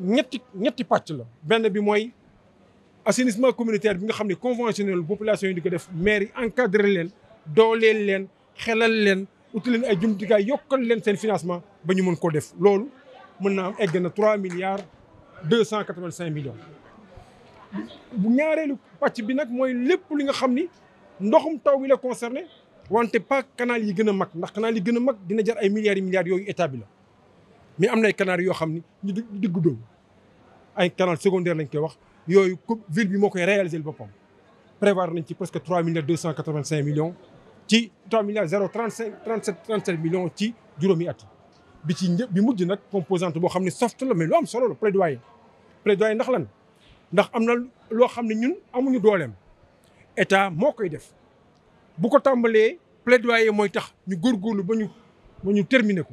ñetti ñetti pàcc la benn bi mooy assainissement communautaire bi nga xam ne conventionnel population yi di ko def maire yi encadré leen dooleel leen xelal leen uti leen ay jumtukaay yokkal leen seen financement ba ñu mën koo def loolu mën naa am egg na trois milliards deux cent quatre-vingt-cinq millions bu ñaareelu pàcc bi nag mooy lépp li nga xam ni ndoxum taw bi la concerné wante pas canal yi gën a mag ndax canal yi gën a mag dina jar ay milliards yi milliards yooyu état bi la mais il a canal yo xamni ñu ay canal secondaire lañ koy wax ville bi réaliser prévoir nañ ci presque 3 millions ci 3 milliards 37 millions ci juromi at bi ci bi composante soft mais lu am solo la plaidoyer plaidoyer ndax lan ndax amna na xamni ñun amuñu dolem état mo koy def bu ko plaidoyer moy tax ñu bañu terminer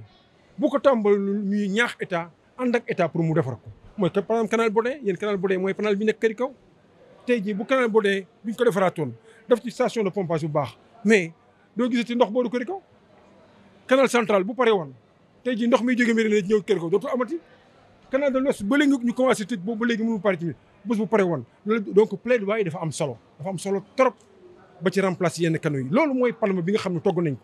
bu ko tàmbal muy ñaax état ànd ak état pour mu defar ko mooy que par exemple canal Bodé yéen canal Bodé mooy canal bi nekk këri kaw tey jii bu canal Bodé biñ ko defaraatoon def ci station de pompage bu baax mais doo gisati ndox boobu këri kaw canal central bu pare woon tey jii ndox mi jóge mbiri ne ñëw këri kaw dootul amati canal de l'Ouest ba léegi ñu commencé tëj boobu ba léegi mënu pare ci bés bu pare woon loolu donc plaidoyer dafa am solo dafa am trop ba ci remplacer yenn canaux yi loolu mooy parlement bi nga xam ne togg nañ